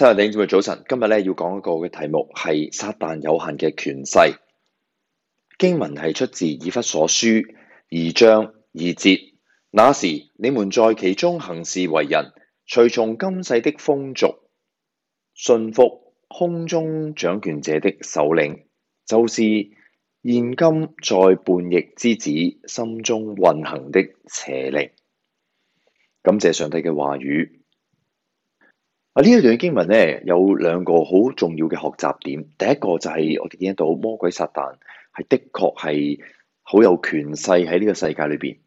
親愛的弟兄早晨，今日咧要講一個嘅題目係撒旦有限嘅權勢。經文係出自以弗所書二章二節。那時你們在其中行事為人，隨從今世的風俗，順服空中掌權者的首領，就是現今在叛逆之子心中運行的邪靈。感謝上帝嘅話語。啊！呢一段嘅經文咧，有兩個好重要嘅學習點。第一個就係我哋見到魔鬼撒旦係的確係好有權勢喺呢個世界裏邊。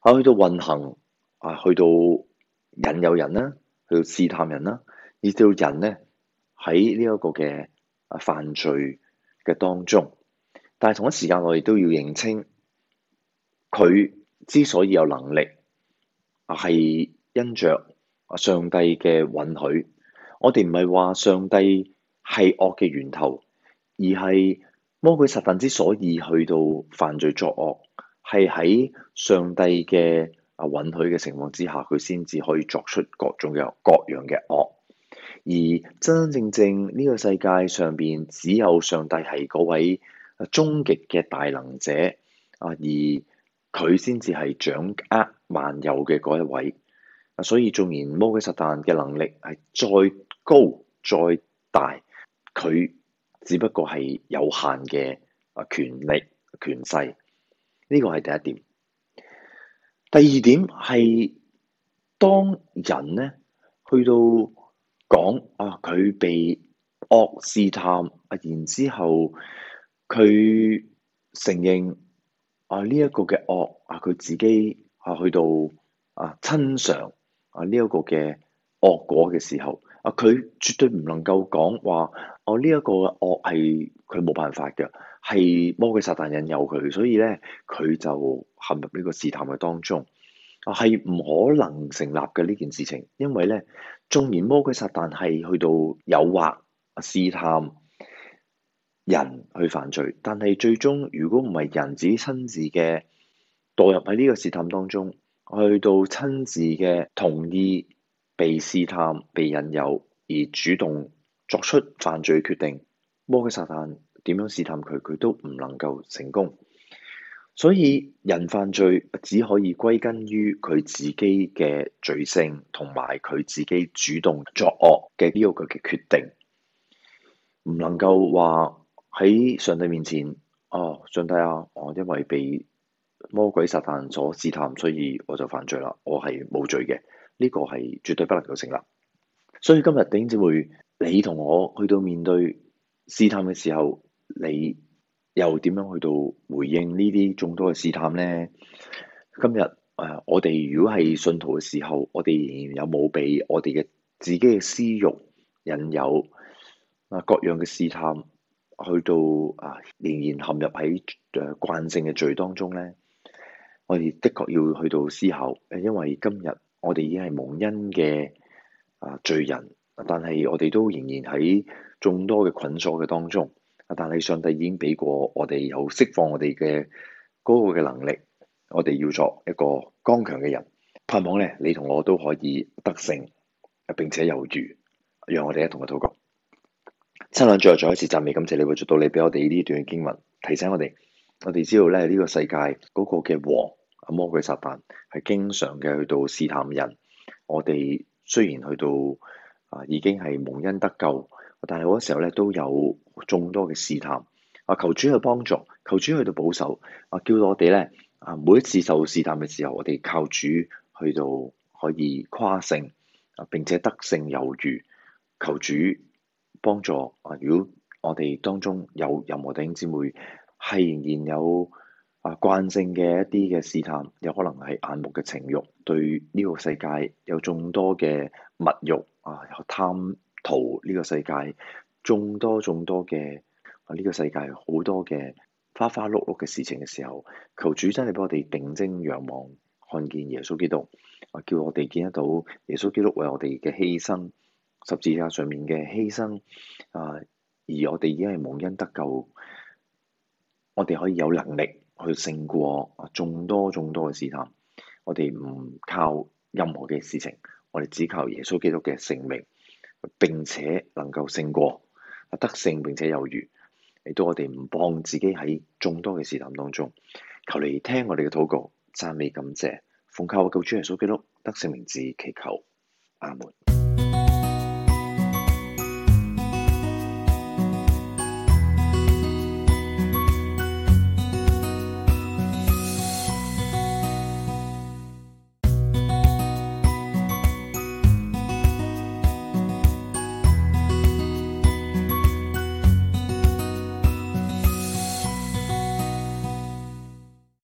啊，去到運行，啊，去到引誘人啦，去到試探人啦，而叫人咧喺呢一個嘅啊犯罪嘅當中。但係同一時間，我哋都要認清，佢之所以有能力，啊，係因着。上帝嘅允許，我哋唔係話上帝係惡嘅源頭，而係魔鬼撒旦之所以去到犯罪作惡，係喺上帝嘅、啊允許嘅情況之下，佢先至可以作出各種嘅各樣嘅惡。而真真正正呢個世界上面，只有上帝係嗰位啊終極嘅大能者啊，而佢先至係掌握萬有嘅嗰一位。所以，縱然魔鬼撒但嘅能力係再高再大，佢只不過係有限嘅啊權力權勢，呢個係第一點。第二點係當人咧去到講啊，佢被惡試探啊，然之後佢承認啊呢一個嘅惡啊，佢、這個啊、自己啊去到啊親嘗，親啊！呢一個嘅惡果嘅時候，啊，佢絕對唔能夠講話，哦呢一個惡係佢冇辦法嘅，係魔鬼撒旦引誘佢，所以咧佢就陷入呢個試探嘅當中。啊，係唔可能成立嘅呢件事情，因為咧，縱然魔鬼撒旦係去到誘惑、試探人去犯罪，但係最終如果唔係人自己親自嘅墮入喺呢個試探當中。去到親自嘅同意被試探、被引誘而主動作出犯罪決定，魔鬼撒旦點樣試探佢，佢都唔能夠成功。所以人犯罪只可以歸根於佢自己嘅罪性，同埋佢自己主動作惡嘅呢、這個佢嘅決定，唔能夠話喺上帝面前，哦，上帝啊，我因為被。魔鬼撒旦所試探，所以我就犯罪啦。我係冇罪嘅，呢、這個係絕對不能夠成立。所以今日弟姊妹，你同我去到面對試探嘅時候，你又點樣去到回應呢啲眾多嘅試探呢？今日誒，我哋如果係信徒嘅時候，我哋仍然有冇被我哋嘅自己嘅私慾引誘啊？各樣嘅試探去到啊，仍然陷入喺誒慣性嘅罪當中咧？我哋的確要去到思考，因為今日我哋已經係蒙恩嘅啊罪人，但係我哋都仍然喺眾多嘅捆鎖嘅當中。但係上帝已經俾過我哋好釋放我哋嘅嗰個嘅能力，我哋要做一個剛強嘅人。盼望咧，你同我都可以得勝，並且有餘，讓我哋一同去禱告。親愛嘅，最後再一次讚美，感謝你會做到你俾我哋呢段嘅經文，提醒我哋，我哋知道咧呢、這個世界嗰個嘅王。啊！魔鬼撒旦係經常嘅去到試探人，我哋雖然去到啊已經係蒙恩得救，但係好多時候咧都有眾多嘅試探。啊！求主去幫助，求主去到保守。啊！叫我哋咧啊每一次受試探嘅時候，我哋靠主去到可以誇勝，啊，並且得勝有餘。求主幫助啊！如果我哋當中有任何弟兄姊妹係仍然有，啊，慣性嘅一啲嘅試探，有可能係眼目嘅情慾，對呢個世界有眾多嘅物慾啊，有貪圖呢個世界眾多眾多嘅啊，呢個世界好多嘅花花碌碌嘅事情嘅時候，求主真係俾我哋定睛仰望，看見耶穌基督啊，叫我哋見得到耶穌基督為我哋嘅犧牲十字架上面嘅犧牲啊，而我哋已經係蒙恩得救，我哋可以有能力，去勝過眾多眾多嘅試探，我哋唔靠任何嘅事情，我哋只靠耶穌基督嘅聖名，並且能夠勝過，得勝並且有餘，嚟到我哋唔幫自己喺眾多嘅試探當中，求你聽我哋嘅禱告，讚美感謝，奉靠我救主耶穌基督得勝名字，祈求，阿門。